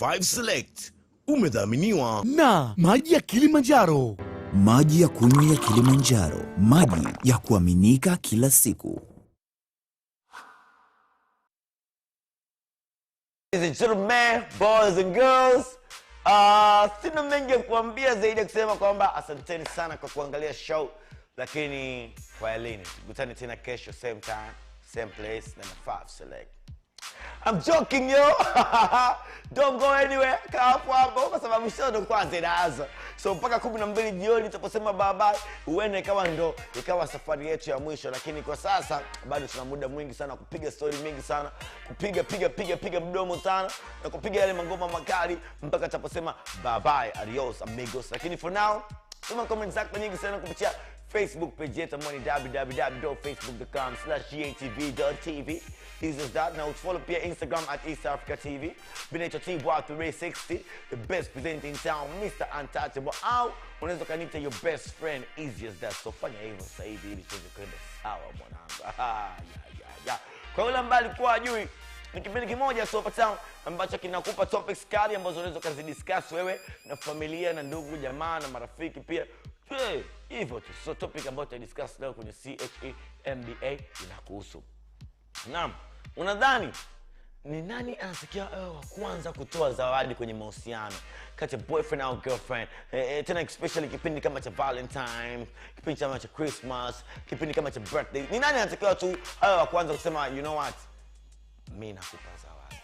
5 Select umedhaminiwa na maji ya Kilimanjaro, maji ya kunywa ya Kilimanjaro, maji ya kuaminika kila siku. Ladies and gentlemen, boys and girls, uh, sina mengi ya kuambia zaidi ya kusema kwamba asanteni sana kwa kuangalia show, lakini kwa elini tukutane tena kesho same time, same place na Five Select. I'm joking yo. Don't go anywhere. Kaa hapo hapo kwa sababu show ndo kwanza inaanza. So mpaka 12 jioni tutaposema baba, huenda ikawa ndo ikawa safari yetu ya mwisho, lakini kwa sasa bado tuna muda mwingi sana kupiga stori mingi sana kupiga piga piga piga mdomo sana na kupiga yale mangoma makali mpaka tutaposema bye bye, adios amigos. Lakini for now, tuma comment zako nyingi sana kupitia Facebook page Get Money, www.facebook.com slash GATV.tv. This is that. Now follow up your Instagram at East Africa TV. Binacho T360, the best presenter in town, Mr. Untouchable. Out. Unaweza ukanita your best friend, Easiest that. So funny, even say fanya hivyo sasa hivi ili tuweze kwenda sawa mwanangu. ya, ya, ya. Kwa yule ambaye alikuwa ajui ni kipindi kimoja Sofa Town ambacho kinakupa topics kali ambazo unaweza ukazidiscuss wewe na familia na ndugu jamaa na marafiki pia hivyo tu. So topic ambayo tutadiscuss leo kwenye CHE MBA inakuhusu. Naam, unadhani ni nani anasikia uh, wa kwanza kutoa zawadi kwenye mahusiano kati ya boyfriend au girlfriend eh, eh, tena especially kipindi kama cha Valentine, kipindi kama cha Christmas, kipindi kama cha birthday. Ni nani anatakiwa tu awe uh, wa kwanza kusema you know what, Mimi nakupa zawadi?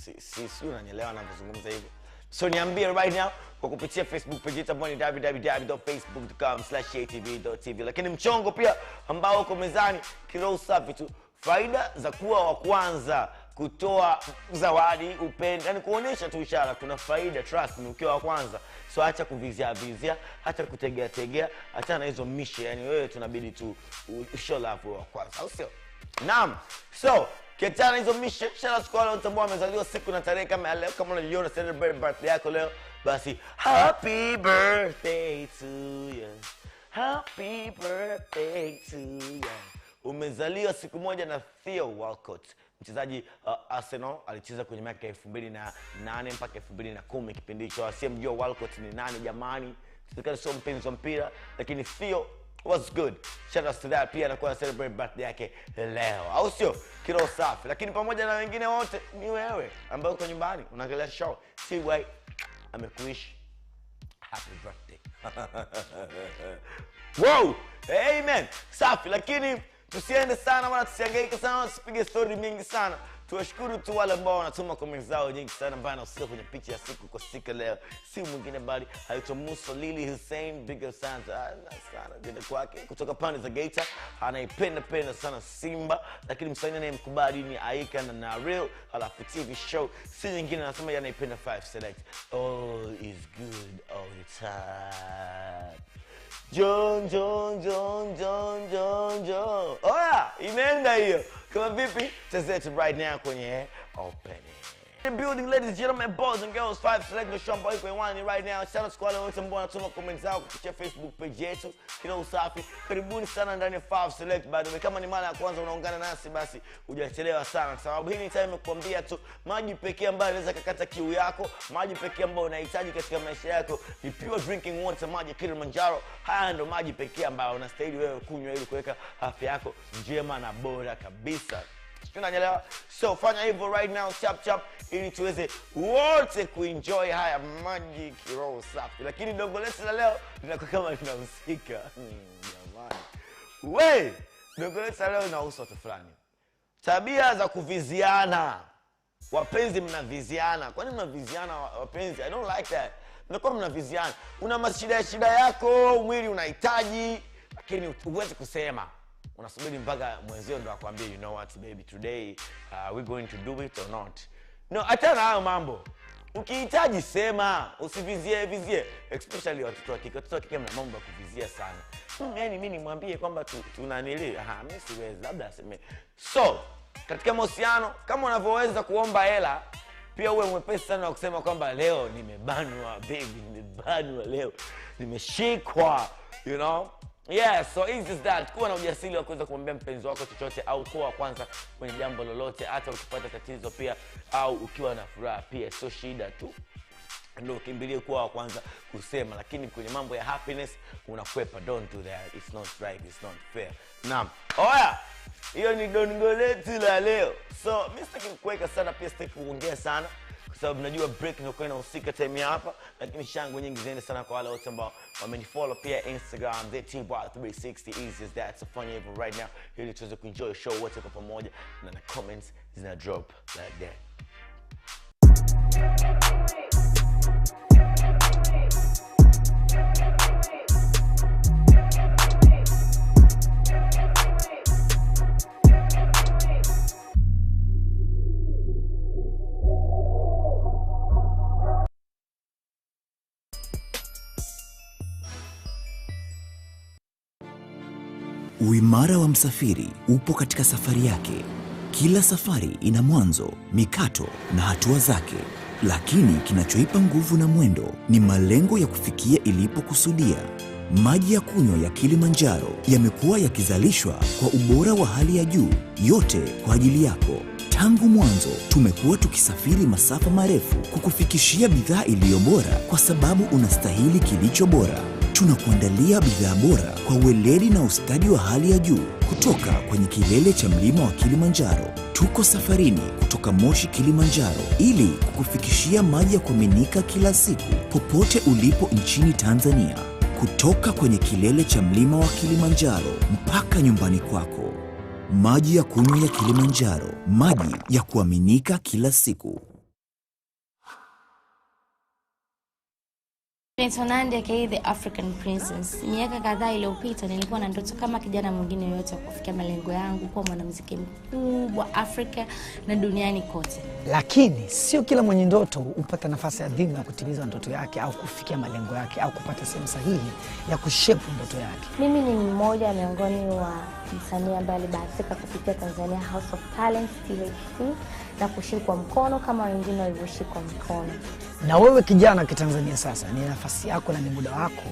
Si, si, si unanielewa anavyozungumza hivyo? So niambie right now kwa kupitia Facebook page yetu ambayo ni www.facebook.com atv.tv. Lakini mchongo pia ambao uko mezani, kiroho tu, faida za kuwa wa kwanza kutoa zawadi, upendo, yani kuonesha tu ishara, kuna faida. Trust me, ukiwa wa kwanza, so acha kuvizia vizia, acha kutegea tegea, acha na hizo mishe. Yani wewe tunabidi tu show love wa kwanza, au sio? Naam, so Kiachana na hizo mishashara siku wale wanatambua wamezaliwa siku na tarehe kama ya leo. Kama unajiona celebrate birthday yako leo, basi happy birthday to you. Happy birthday to you. Umezaliwa siku moja na Theo Walcott mchezaji uh, Arsenal alicheza kwenye miaka elfu mbili na nane mpaka elfu mbili na kumi kipindi hicho. Asiyemjua Walcott ni nani jamani? Serikali sio mpenzi wa mpira, lakini Theo was good? Shout out to that pia anakuwa na celebrate birthday yake leo, au sio? Kilo safi. Lakini pamoja na wengine wote, ni wewe ambaye uko nyumbani unaangalia show, T.Y amekuishi happy birthday. wow! Amen. Safi, lakini tusiende sana wala tusiangaike sana, tusipige story mingi sana. Tuwashukuru tu wale ambao wanatuma comment zao nyingi sana, ambayo anahusika kwenye picha ya siku kwa siku leo, si mwingine bali haitwa Musa Lili Hussein, big up sana sana kwake, kutoka pande za Geita, anaipenda penda sana Simba, lakini msanii anayemkubali ni Aika na Naril, halafu TV show si nyingine, anasema yeye anaipenda Five Select. All is good all the time. John John John John John John. Oya, imeenda hiyo. Come on, Vipi. Just let it right now, Kwenye. Open it. building ladies, and gentlemen, boys and girls, five select the shamba iko hewani right now. Shout out squad wote ambao wanatuma comments zao kupitia Facebook page yetu. Kila usafi. Karibuni sana ndani ya five select by the way. Kama ni mara ya kwanza unaungana nasi basi hujachelewa sana. Kwa sababu hii ni time kukwambia tu maji pekee ambayo yanaweza kukata kiu yako, maji pekee ambayo unahitaji katika maisha yako ni pure drinking water maji Kilimanjaro. Haya ndo maji pekee ambayo unastahili wewe kunywa ili kuweka afya yako njema na bora kabisa unanyelewa so fanya hivyo right now chap chap ili tuweze wote kuenjoy haya maji kiroho safi lakini dongo letu la leo linakuwa kama linahusika mm, jamani we dongo letu la leo inahusu watu fulani tabia za kuviziana wapenzi mnaviziana kwani mnaviziana wapenzi i don't like that mnakuwa mnaviziana una mashida ya shida yako mwili unahitaji lakini huwezi kusema unasubiri mpaka mwenzio ndo akwambia you know what baby today uh, we going to do it or not no achana hayo mambo ukihitaji sema usivizie vizie especially watoto wa kike watoto wa kike mna mambo ya kuvizia sana mm, yani mi nimwambie kwamba tunanili tu mi siwezi labda aseme so katika mahusiano kama unavyoweza kuomba hela pia uwe mwepesi sana wa kusema kwamba leo nimebanwa baby nimebanwa leo nimeshikwa you know Yes, so easy is that. Kuwa na ujasiri wa kuweza kumwambia mpenzi wako chochote au kuwa kwanza kwenye jambo lolote, hata ukipata tatizo pia au ukiwa na furaha pia, sio shida tu ndio ukimbilie kuwa wa kwanza kusema, lakini kwenye mambo ya happiness unakwepa. Don't do that, it's not right, it's not fair. Naam, oya, hiyo ni dongo letu la leo. So mi sitaki kukuweka sana, pia sitaki kuongea sana kwa sababu najua break inakuwa inahusika time hapa, lakini shangwe nyingi ziende sana kwa wale wote ambao wamenifollow pia Instagram TheTBar360 easy as that. So fanya hivyo right now ili tuweze kuenjoy show wote kwa pamoja, na na comments zina drop like that. Uimara wa msafiri upo katika safari yake. Kila safari ina mwanzo, mikato na hatua zake, lakini kinachoipa nguvu na mwendo ni malengo ya kufikia ilipokusudia. Maji ya kunywa ya Kilimanjaro yamekuwa yakizalishwa kwa ubora wa hali ya juu, yote kwa ajili yako. Tangu mwanzo tumekuwa tukisafiri masafa marefu kukufikishia bidhaa iliyo bora, kwa sababu unastahili kilicho bora. Tunakuandalia bidhaa bora kwa uweledi na ustadi wa hali ya juu kutoka kwenye kilele cha mlima wa Kilimanjaro. Tuko safarini kutoka Moshi, Kilimanjaro, ili kukufikishia maji ya kuaminika kila siku popote ulipo nchini Tanzania, kutoka kwenye kilele cha mlima wa Kilimanjaro mpaka nyumbani kwako. Maji ya kunywa ya Kilimanjaro, maji ya kuaminika kila siku. Naitwa aka the African Princess. Miaka kadhaa iliyopita nilikuwa na ndoto kama kijana mwingine yoyote kufikia malengo yangu kuwa mwanamuziki mkubwa Afrika na duniani kote, lakini sio kila mwenye ndoto hupata nafasi adhimu ya kutimiza ndoto yake au kufikia malengo yake au kupata sehemu sahihi ya kushepu ndoto yake. Mimi ni mmoja miongoni wa msanii ambaye alibahatika kupitia Tanzania House of Talents THT na kushikwa mkono kama wengine walivyoshikwa mkono. Na wewe kijana Kitanzania, sasa ni nafasi yako na ni muda wako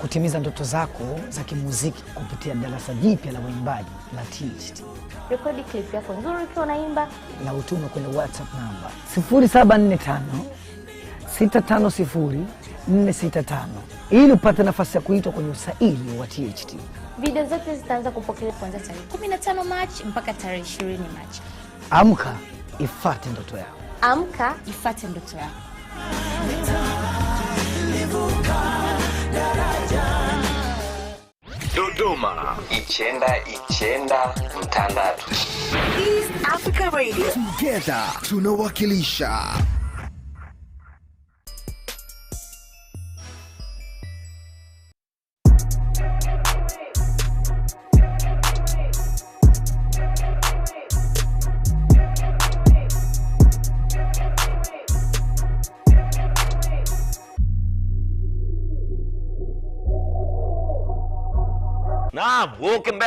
kutimiza ndoto zako za kimuziki kupitia darasa jipya la waimbaji la THT. Rekodi clip yako nzuri ukiwa unaimba na utume kwenye WhatsApp namba 0745 650 465 ili upate nafasi ya kuitwa kwenye usaili wa THT. Video zote zitaanza kupokelewa kuanzia tarehe 15 Machi mpaka tarehe 20 Machi. Amka! ifate ndoto yako. Amka, ifate ndoto yako. Dodoma, Ichenda Ichenda Mtandatu. East Africa Radio. Together tunawakilisha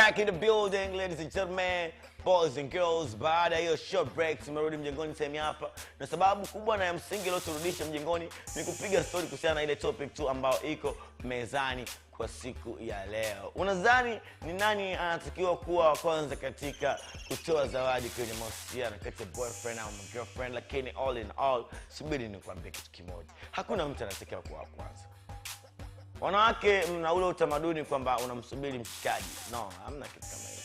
back in the building, ladies and gentlemen, boys and girls. Baada ya hiyo short break, tumerudi mjengoni sehemu hapa, na sababu kubwa na ya msingi iliyoturudisha mjengoni ni kupiga story kuhusiana na ile topic tu ambayo iko mezani kwa siku ya leo. Unadhani ni nani anatakiwa kuwa wa kwanza katika kutoa zawadi kwenye mahusiano kati ya boyfriend au girlfriend? Lakini all in all, subiri nikwambie kitu kimoja, hakuna mtu anatakiwa kuwa wa kwanza wanawake mna ule utamaduni kwamba unamsubiri mshikaji. No, hamna kitu kama hiyo.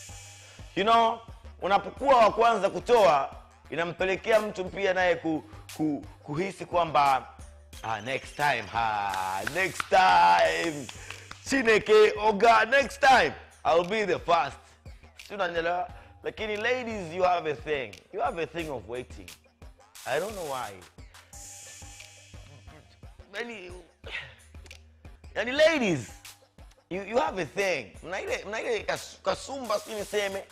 You know, unapokuwa wa kwanza kutoa inampelekea mtu pia naye ku, ku, kuhisi kwamba ah, next time ha, ah, next time sineke oga next time I'll be the first. Si unanielewa? Lakini ladies, you have a thing, you have a thing of waiting. I don't know why. Many, yaani, yani ladies you, you have a thing mnaile mnaile kas, kasumba si niseme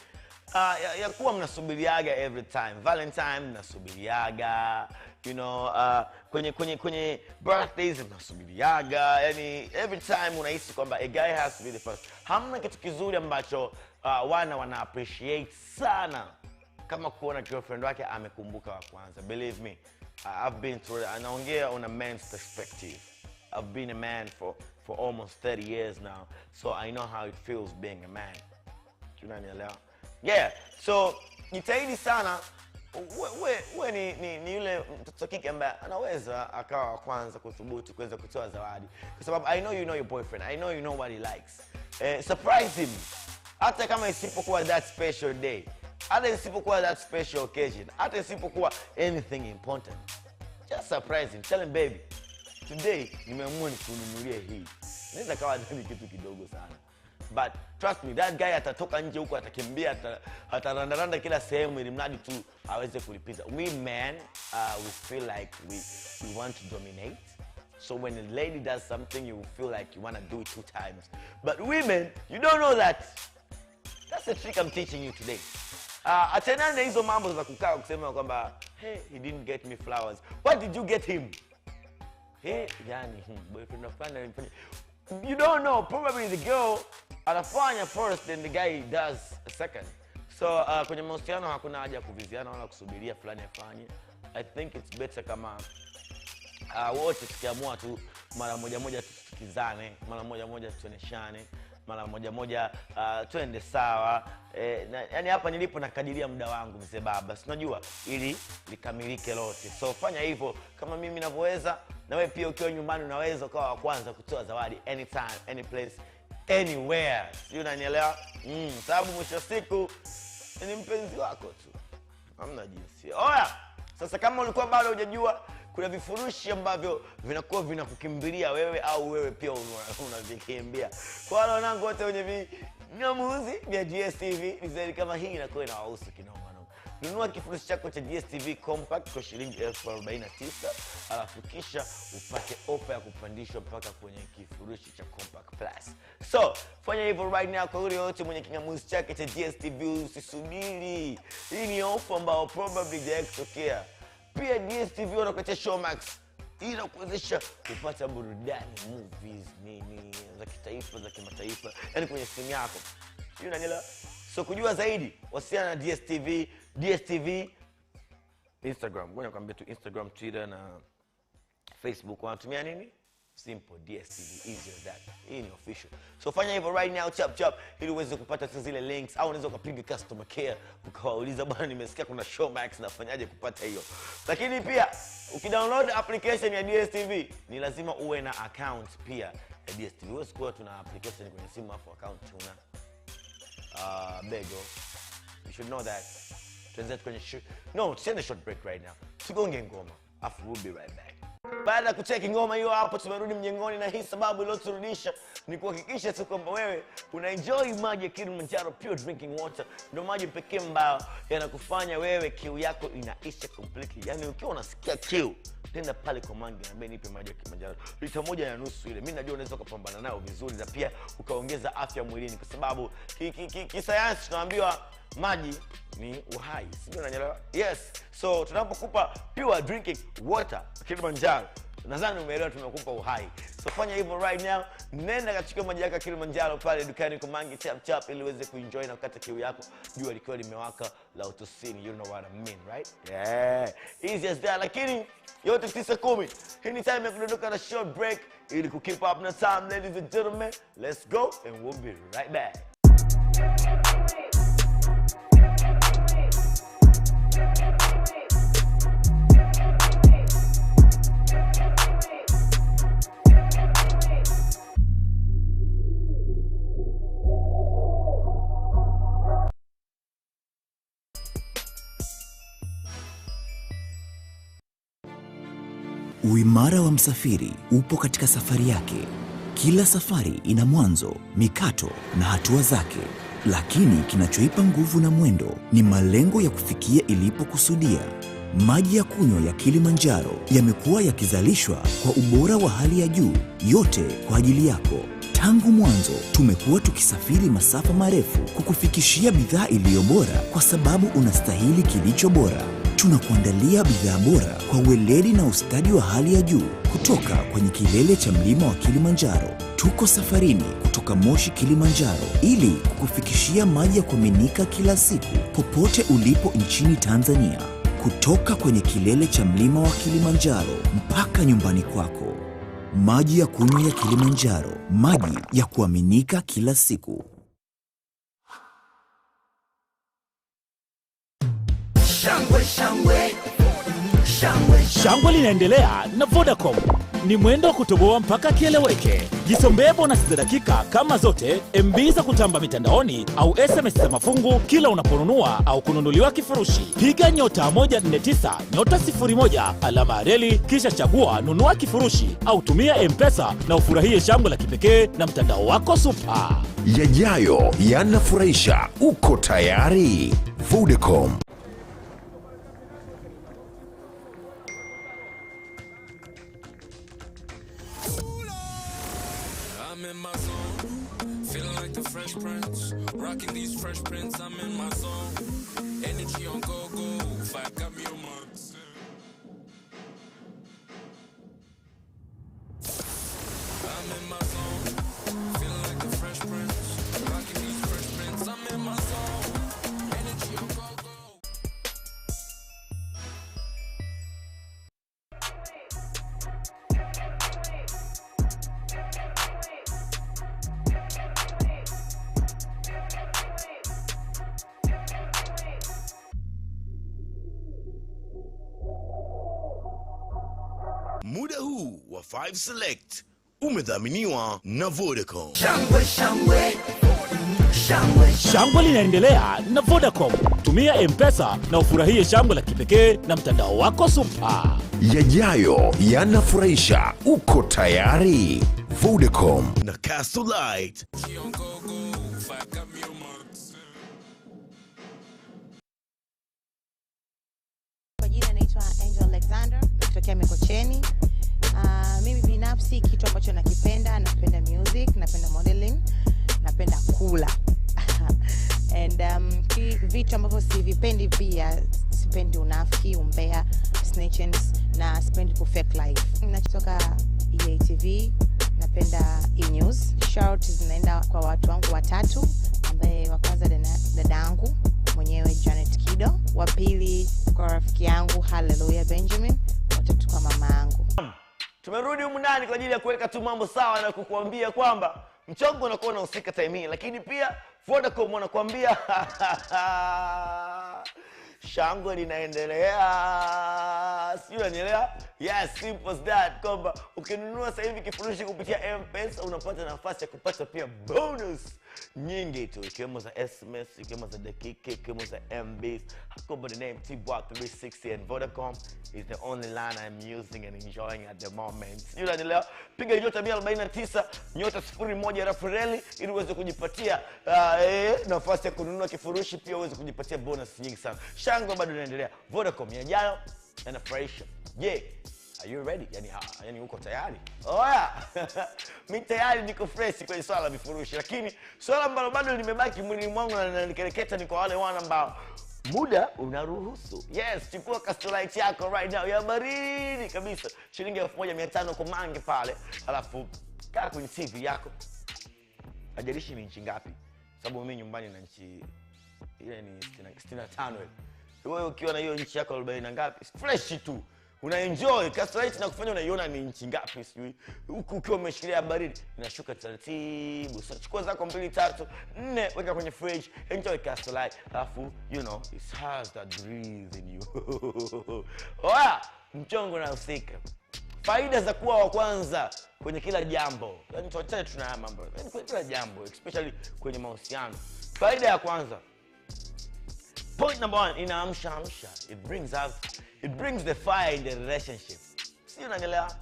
uh, ya, ya kuwa mnasubiriaga every time valentine mnasubiriaga you know uh, kwenye kwenye kwenye birthdays mnasubiriaga yani every time unahisi kwamba a guy has to be the first hamna kitu kizuri ambacho uh, wana wana appreciate sana kama kuona girlfriend wake amekumbuka wa kwanza believe me uh, i've been through anaongea on a man's perspective I've been a man for, for almost 30 years now, so I know how it feels being a man. Tunanielewa? Yeah, so jitahidi sana wewe we, ni, ni, ni yule mtoto kike ambaye anaweza akawa wa kwanza kuthubutu kuweza kutoa zawadi, kwa sababu I know you know your boyfriend, I know you know what he likes. Eh, surprise him hata kama isipokuwa that special day, hata isipokuwa that special occasion, hata isipokuwa anything important, just surprise him, tell him baby today nimeamua nikununulie hii. Naweza kawa ndani kitu kidogo sana but trust me that guy atatoka nje huko atakimbia atarandaranda kila sehemu ili mradi tu aweze kulipiza we men uh, we feel like we, we want to dominate so when a lady does something you feel like you want to do it two times but women you don't know that that's the trick i'm teaching you today uh, achana hizo mambo za kukaa kusema kwamba hey he didn't get me flowers what did you get him Eh, yani hmm, boyfriend of alimfanya you don't know probably the girl anafanya first then the guy does second so uh, kwenye mahusiano hakuna haja ya kuviziana wala kusubiria fulani afanye i think it's better kama uh, wote tukiamua tu mara moja moja tusikizane mara moja moja tuoneshane mara moja moja uh, twende sawa eh, na, yani hapa nilipo nakadiria muda wangu mzee baba sinajua ili likamilike lote so fanya hivyo kama mimi navyoweza na wewe pia ukiwa nyumbani unaweza ukawa wa kwanza kutoa zawadi anytime any place anywhere sijui unanielewa mm, sababu mwisho wa siku ni mpenzi wako tu hamna jinsi oya sasa kama ulikuwa bado hujajua kuna vifurushi ambavyo vinakuwa vinakukimbilia wewe au wewe pia unavikimbia kwa wale wanangu wote wenye vinyamuzi vya gstv ni zaidi kama hii inakuwa inawahusu kinao nunua kifurushi chako cha DStv compact kwa shilingi 49 alafu kisha upate ofa ya kupandishwa mpaka kwenye kifurushi cha compact plus. So fanya hivyo right now kwa yule yote mwenye kingamuzi chake cha DStv, usisubiri. Hii ni ofa ambayo probably haijawahi kutokea. Pia DStv wanakuletea Showmax inakuwezesha kupata burudani movies nini za kitaifa za kimataifa, yani kwenye simu yako. Hiyo nanila. So kujua zaidi, wasiana na DStv DSTV, Instagram. Ngoja nikwambie tu Instagram, Twitter na Facebook wanatumia nini? Simple DSTV easy as that. Hii ni official. So fanya hivyo right now chap chap ili uweze kupata sasa zile links au unaweza ukapiga customer care ukawauliza, bwana, nimesikia kuna Showmax nafanyaje kupata hiyo. Lakini pia ukidownload application ya DSTV ni lazima uwe na account pia ya DSTV. Huwezi kuwa tuna application kwenye simu afu account tuna uh, ah, bego. You should know that tutaendelea kwenye show. No, tusiende short break right now, tugonge ngoma afu we'll be right back. Baada ya kucheki ngoma hiyo hapo, tumerudi mjengoni, na hii sababu iliyoturudisha ni kuhakikisha tu kwamba wewe una enjoy maji ya Kilimanjaro pure drinking water. Ndio maji pekee ambayo yanakufanya wewe kiu yako inaisha completely, yaani ukiwa unasikia kiu nenda pale kwa mangi niambie nipe maji ya Kilimanjaro lita moja na nusu ile. Mimi najua unaweza ukapambana nao vizuri na pia ukaongeza afya mwilini, kwa sababu kisayansi tunaambiwa maji ni uhai, sijui unanielewa? Yes, so tunapokupa pure drinking water Kilimanjaro nadhani umeelewa, tumekupa uhai. So fanya hivyo right now, nenda kachukua maji yako Kilimanjaro pale dukani kwa mangi chap chap, ili uweze kuenjoy na kukata kiu yako, jua likiwa limewaka la utosini. You know what I mean, right? Yeah, easy as that, lakini yote 910. Hii ni time ya kudondoka na short break ili kukeep up na time, ladies and gentlemen. Let's go and we'll be right back. msafiri upo katika safari yake. Kila safari ina mwanzo, mikato na hatua zake, lakini kinachoipa nguvu na mwendo ni malengo ya kufikia ilipokusudia. Maji ya kunywa ya Kilimanjaro yamekuwa yakizalishwa kwa ubora wa hali ya juu, yote kwa ajili yako. Tangu mwanzo tumekuwa tukisafiri masafa marefu kukufikishia bidhaa iliyo bora, kwa sababu unastahili kilicho bora. Tunakuandalia bidhaa bora kwa weledi na ustadi wa hali ya juu kutoka kwenye kilele cha mlima wa Kilimanjaro. Tuko safarini kutoka Moshi, Kilimanjaro, ili kukufikishia maji ya kuaminika kila siku popote ulipo nchini Tanzania, kutoka kwenye kilele cha mlima wa Kilimanjaro mpaka nyumbani kwako. Maji ya kunywa ya Kilimanjaro, maji ya kuaminika kila siku. Shangwe, shangwe, shangwe, shangwe linaendelea na Vodacom. Ni mwendo wa kutoboa mpaka kieleweke. Jisombee bonasi za dakika kama zote, MB za kutamba mitandaoni au SMS za mafungu kila unaponunua au kununuliwa kifurushi. Piga nyota 149 nyota 1 alama ya reli, kisha chagua nunua kifurushi au tumia Mpesa na ufurahie shangwe la kipekee na mtandao wako supa. Yajayo yanafurahisha. Uko tayari? Vodacom. Rocking these fresh prints, I'm in my zone. Energy on go go, fire got me on my Muda huu wa 5 Select umedhaminiwa na Vodacom. Shangwe, shangwe. Shangwe, shangwe linaendelea na Vodacom. Tumia M-Pesa na ufurahie shangwe la kipekee na mtandao wako supa. Yajayo yanafurahisha. Uko tayari? Vodacom na Castlelight. Kwa jina naitwa Angel Alexander, natokea Mikocheni binafsi kitu ambacho nakipenda napenda music napenda modeling napenda kula and um, vitu ambavyo sivipendi pia sipendi unafiki umbea snitchings na sipendi kufake life nachotoka eatv napenda enews shout zinaenda kwa watu wangu watatu ambaye wa kwanza dada yangu mwenyewe janet kido wa pili kwa rafiki yangu haleluya benjamin watatu kwa mama yangu Tumerudi humu ndani kwa ajili ya kuweka tu mambo sawa na kukuambia kwamba mchongo unakuwa unahusika time hii, lakini pia Vodacom wanakuambia shangwe linaendelea, sijui unanielewa. Yes, simple as that kwamba ukinunua sasa hivi kifurushi kupitia M-Pesa unapata nafasi ya kupata pia bonus nyingi tu ikiwemo za SMS, ikiwemo za dakika, ikiwemo za MBs. Hakoba the name Tibwa 360 and Vodacom is the only line I'm using and enjoying at the moment. Sijui unanielewa? Piga nyota 149 nyota 01 alafu reli ili uweze kujipatia uh, eh, nafasi ya kununua kifurushi, pia uweze kujipatia bonus nyingi sana. Shangwe bado inaendelea. Vodacom ya jana yanafurahisha. Je, yeah. Are you ready? Yani, ha, yani uko tayari? Oh Oya. Mimi tayari niko fresh kwenye swala la vifurushi, lakini swala ambalo bado limebaki mwilini mwangu na linanikereketa ni kwa wale wana ambao muda unaruhusu. Yes, chukua Castorite yako right now ya baridi kabisa, shilingi elfu moja mia tano kwa mangi pale, alafu kaa kwenye CV yako, ajalishi ni nchi ngapi, sababu mimi nyumbani na nchi ile ni 65 ile. Wewe ukiwa na hiyo nchi yako 40 na ngapi, fresh tu unaenjoy kasalaiti na kufanya unaiona ni nchi ngapi sijui huku ukiwa umeshikilia baridi inashuka taratibu so chukua zako mbili tatu nne weka kwenye fridge enjoy kasalaiti alafu you know it has that breeze in you oya mchongo unahusika faida za kuwa wa kwanza kwenye kila jambo yani tuachane tunaya mambo yani kwenye kila jambo especially kwenye mahusiano faida ya kwanza point number one inaamsha amsha it brings out It brings the fire in the relationship. Si unaelewa?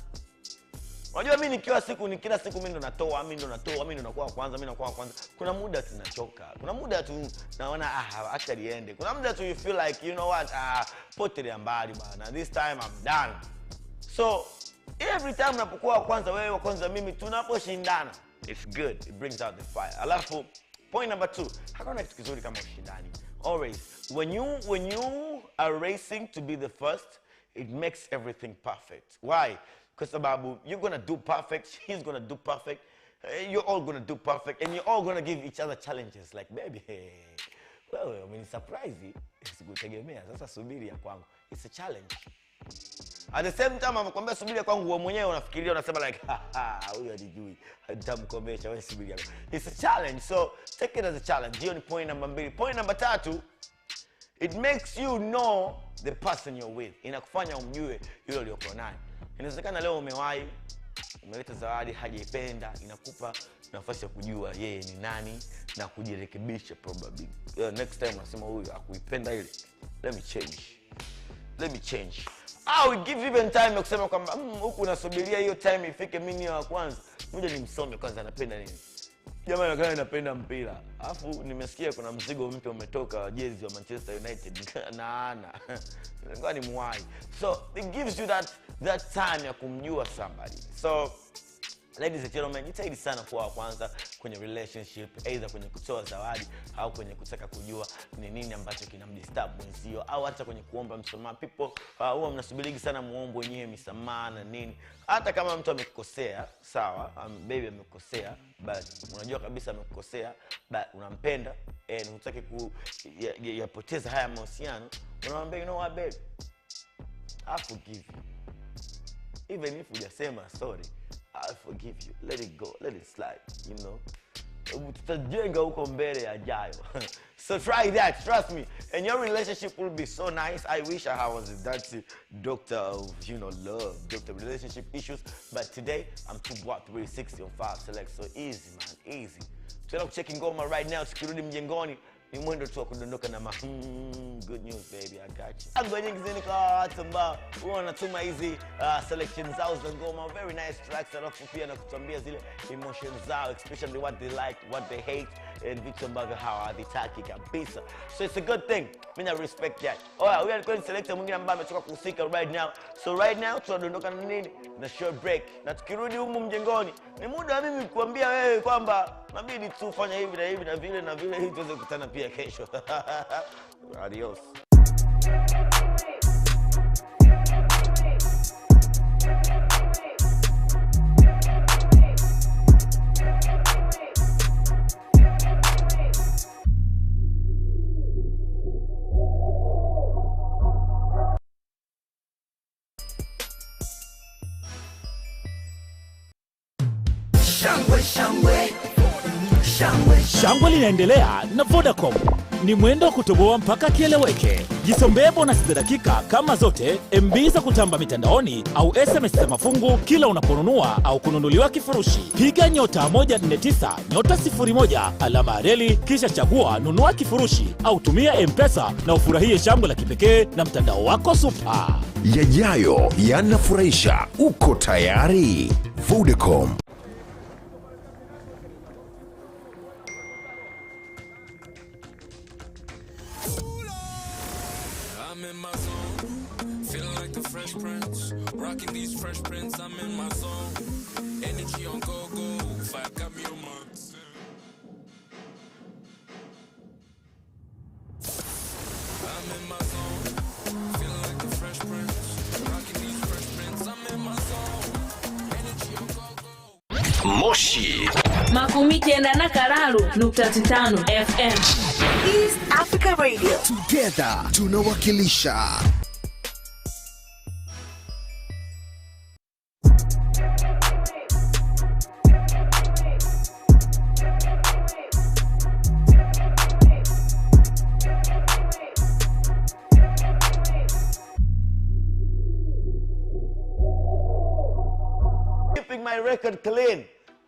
Unajua mimi nikiwa siku ni kila siku mimi ndo natoa, mimi ndo natoa, mimi ndo nakuwa kwanza, mimi nakuwa kwanza. Kuna muda tunachoka. Kuna muda tu naona ah actually ende. Kuna muda tu you feel like you know what? Ah potelea mbali bana. This time I'm done. So every time unapokuwa kwanza wewe wa kwanza mimi tunaposhindana it's good. It brings out the fire. Alafu point number two, hakuna kitu kizuri kama ushindani. Always. When you when you are racing to be the first, it makes everything perfect. Why? Because Ababu, you're gonna do perfect, she's gonna do perfect, eh, you're all gonna do perfect, and you're all gonna give each other challenges. Like, baby, hey, well, I mean, surprise. Sikutegemea, ya kwangu. It's a challenge. At the same time anakuambia subiri kwangu, wewe mwenyewe unafikiria unasema like huyu alijui, nitamkomesha wewe, subiri. It's a challenge, so take it as a challenge. Hiyo ni point namba mbili. Point namba tatu, it makes you know the person you're with, inakufanya umjue yule uliokuwa naye. Inawezekana leo umewahi umeleta zawadi hajaipenda, inakupa nafasi ya kujua yeye ni nani na kujirekebisha. Probably next time unasema huyu akuipenda ile, let me change, let me change au ah, give even time ya kusema kwamba mm, huku nasubiria hiyo time ifike mimi wa kwanza moja nimsome kwanza anapenda nini jamaa nakana inapenda mpira alafu nimesikia kuna mzigo mpya umetoka jezi wa manchester united naana nilikuwa ni mwai so it gives you that, that time ya kumjua somebody so Ladies and gentlemen, jitahidi sana kuwa wa kwanza kwenye relationship, either kwenye kutoa zawadi au kwenye kutaka kujua ni nini ambacho kinamdisturb mwenzio au hata kwenye kuomba msamaha. People uh, huwa uh, mnasubirigi sana muombe wenyewe misamaha na nini. Hata kama mtu amekukosea, sawa, um, baby amekukosea, but unajua kabisa amekukosea, but unampenda and hutaki ku yapoteza ya, ya haya mahusiano, unamwambia you know what babe, I forgive you even if hujasema sorry I forgive you. Let it go. Let it slide. You know. So try that, trust me. And your relationship will be so nice. I wish I was that uh, doctor of, you know, love, doctor relationship issues. But today, I'm too block 360 on 5 select. So easy, man, easy. So I'm checking Goma right now, tukirudi Jengoni. ni mwendo tu wa kudondoka na ma mm, good news baby I got you. Ngoma nyingi zeni kwa watu ambao huwa wanatuma hizi uh, selection zao za ngoma very nice tracks, alafu pia na kutuambia zile emotions zao especially what they like, what they hate ni vitu ambavyo hawavitaki kabisa, so it's a good thing. Mimi na respect that. Oya, huyu alikuwa ni selector mwingine ambaye ametoka kuhusika right now. So right now tunadondoka na nini na short break, na tukirudi humu mjengoni ni muda wa mimi kuambia wewe kwamba nabidi tufanya hivi na hivi na vile na vile, ili tuweze kukutana pia kesho. Adios. Shangwe linaendelea na Vodacom. Ni mwendo wa kutoboa mpaka kieleweke. Jisombee bonasi za dakika kama zote, MB za kutamba mitandaoni au SMS za mafungu kila unaponunua au kununuliwa kifurushi. Piga nyota 149 nyota 01 alama ya reli, kisha chagua nunua kifurushi au tumia Mpesa na ufurahie shangwe la kipekee na mtandao wako supa. Yajayo yanafurahisha. Uko tayari? Vodacom. Rocking these fresh prints, I'm in my zone. Energy on go go, fire got me on my. I'm in my zone, feeling like the fresh Rocking these fresh prints, I'm in my zone. Energy on go go. Moshi makumi kenda na kararu nukta tano FM East Africa Radio. Together tunawakilisha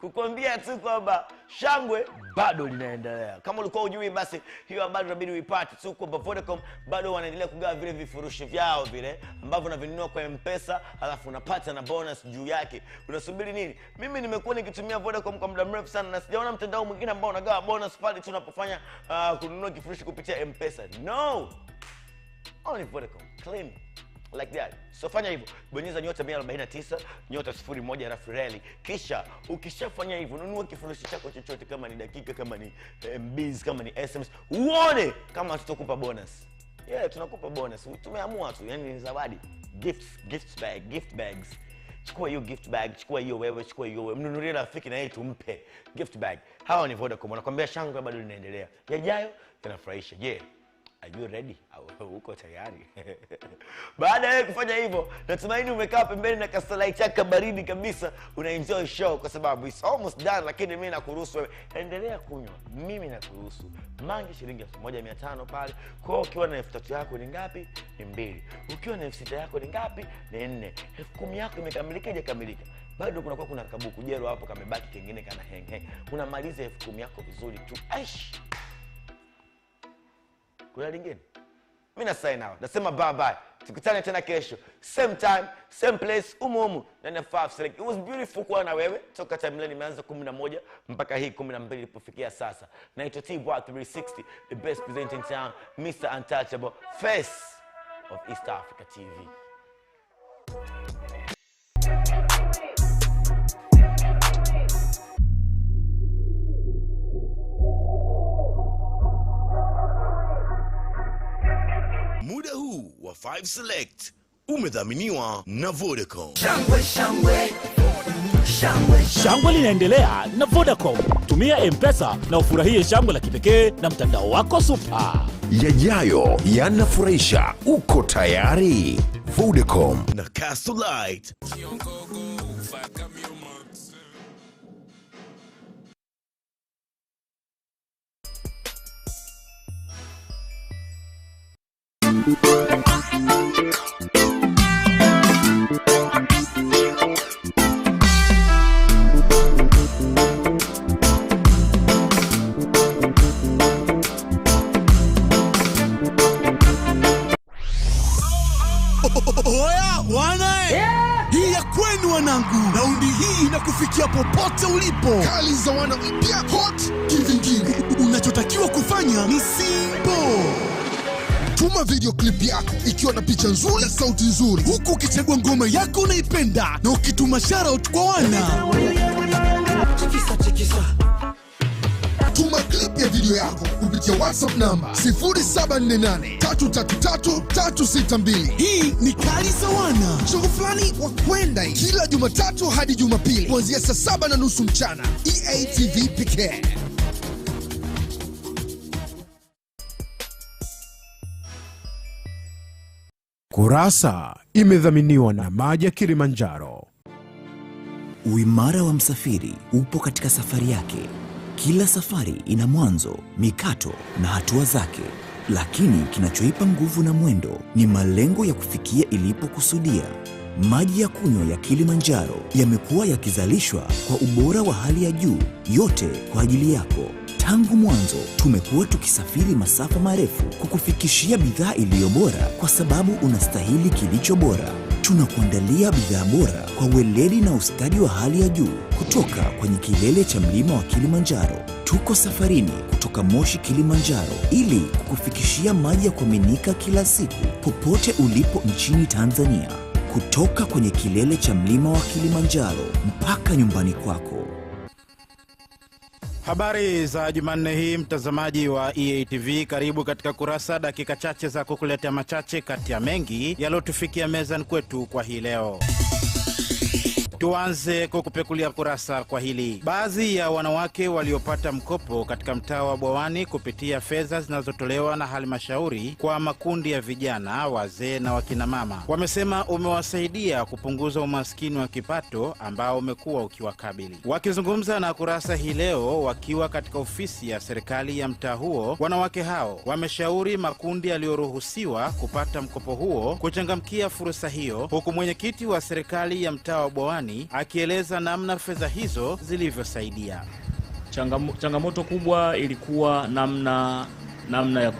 kukwambia tu kwamba shangwe bado linaendelea. Kama ulikuwa ujui, basi hiyo habari inabidi uipate tu kwamba Vodacom bado wanaendelea kugawa vile vifurushi vyao vile ambavyo unavinunua kwa Mpesa, alafu unapata na bonus juu yake. Unasubiri nini? Mimi nimekuwa nikitumia Vodacom kwa muda mrefu sana na sijaona mtandao mwingine ambao unagawa bonus pale tu unapofanya uh, kununua kifurushi kupitia Mpesa. No, only Vodacom. Claim like that. So fanya hivyo, bonyeza nyota 149 nyota 01 alafu rally. Kisha ukishafanya hivyo, nunua kifurushi chako chochote, kama ni dakika, kama ni MBs, eh, kama ni SMS, uone kama tutakupa bonus. Yeah, tunakupa bonus. Tumeamua tu, yani ni zawadi. Gifts, gifts bag, gift bags. Chukua hiyo gift bag, chukua hiyo wewe, chukua hiyo wewe. Mnunulie rafiki na yeye tumpe gift bag. Hawa ni Vodacom. Wanakuambia shangwe bado linaendelea. Yajayo yanafurahisha. Yeah. Are you ready? Uko tayari? Baada ya kufanya hivyo, natumaini umekaa pembeni na kasalai chaka baridi kabisa, unaenjoy show kwa sababu it's almost done, lakini mimi nakuruhusu wewe, endelea kunywa, mimi nakuruhusu. Mangi shilingi elfu moja mia tano pale. Kwa hiyo ukiwa na elfu tatu yako ni ngapi? Ni mbili. Ukiwa na elfu sita yako ni ngapi? Ni nne. Elfu kumi yako imekamilika, haijakamilika bado kunakuwa kuna kabuku jero hapo kamebaki, kengine kana heng heng. Unamaliza elfu kumi yako vizuri tu, aish kuna lingine. Mi na sign out, nasema bye bye, tukutane tena kesho, same time same place, umu umu na five select. It was beautiful kuwa na wewe toka timeline imeanza 11 mpaka hii 12 ilipofikia sasa. Naitwa T 360, the best presenter in town, Mr Untouchable, face of East Africa TV. mkuu wa 5 Select umedhaminiwa na Vodacom. Shangwe, shangwe. Shangwe, shangwe linaendelea na Vodacom. Tumia M-Pesa na ufurahie shangwe la kipekee na mtandao wako supa. Yajayo yanafurahisha. Uko tayari? Vodacom na Castlight. Wanangu, raundi hii inakufikia popote ulipo. Kali za wana mpya video clip yako ikiwa na picha nzuri na sauti nzuri, huku ukichagua ngoma yako unaipenda na ukituma shoutout kwa wana Tuma klip ya video yako kupitia WhatsApp namba 0748333362. Hii ni Kali za wana mchongo fulani wa kwenda, kila Jumatatu hadi Jumapili kuanzia saa saba na nusu mchana EATV pekee. Kurasa imedhaminiwa na maji ya Kilimanjaro. Uimara wa msafiri upo katika safari yake. Kila safari ina mwanzo, mikato na hatua zake, lakini kinachoipa nguvu na mwendo ni malengo ya kufikia ilipokusudia. Maji ya kunywa ya Kilimanjaro yamekuwa yakizalishwa kwa ubora wa hali ya juu, yote kwa ajili yako. Tangu mwanzo tumekuwa tukisafiri masafa marefu kukufikishia bidhaa iliyo bora, kwa sababu unastahili kilicho bora. Tunakuandalia bidhaa bora kwa weledi na ustadi wa hali ya juu kutoka kwenye kilele cha mlima wa Kilimanjaro. Tuko safarini kutoka Moshi, Kilimanjaro, ili kukufikishia maji ya kuaminika kila siku popote ulipo nchini Tanzania, kutoka kwenye kilele cha mlima wa Kilimanjaro mpaka nyumbani kwako. Habari za Jumanne hii mtazamaji wa EATV, karibu katika kurasa, dakika chache za kukuletea machache kati ya mengi yaliyotufikia mezani kwetu kwa hii leo. Tuanze kupekulia kurasa kwa hili. Baadhi ya wanawake waliopata mkopo katika mtaa wa Bwawani kupitia fedha zinazotolewa na halmashauri kwa makundi ya vijana, wazee na wakinamama wamesema umewasaidia kupunguza umaskini wa kipato ambao umekuwa ukiwakabili. Wakizungumza na kurasa hii leo wakiwa katika ofisi ya serikali ya mtaa huo, wanawake hao wameshauri makundi yaliyoruhusiwa kupata mkopo huo kuchangamkia fursa hiyo, huku mwenyekiti wa serikali ya mtaa wa Bwawani Amani akieleza namna fedha hizo zilivyosaidia. Changamoto kubwa ilikuwa namna namna ya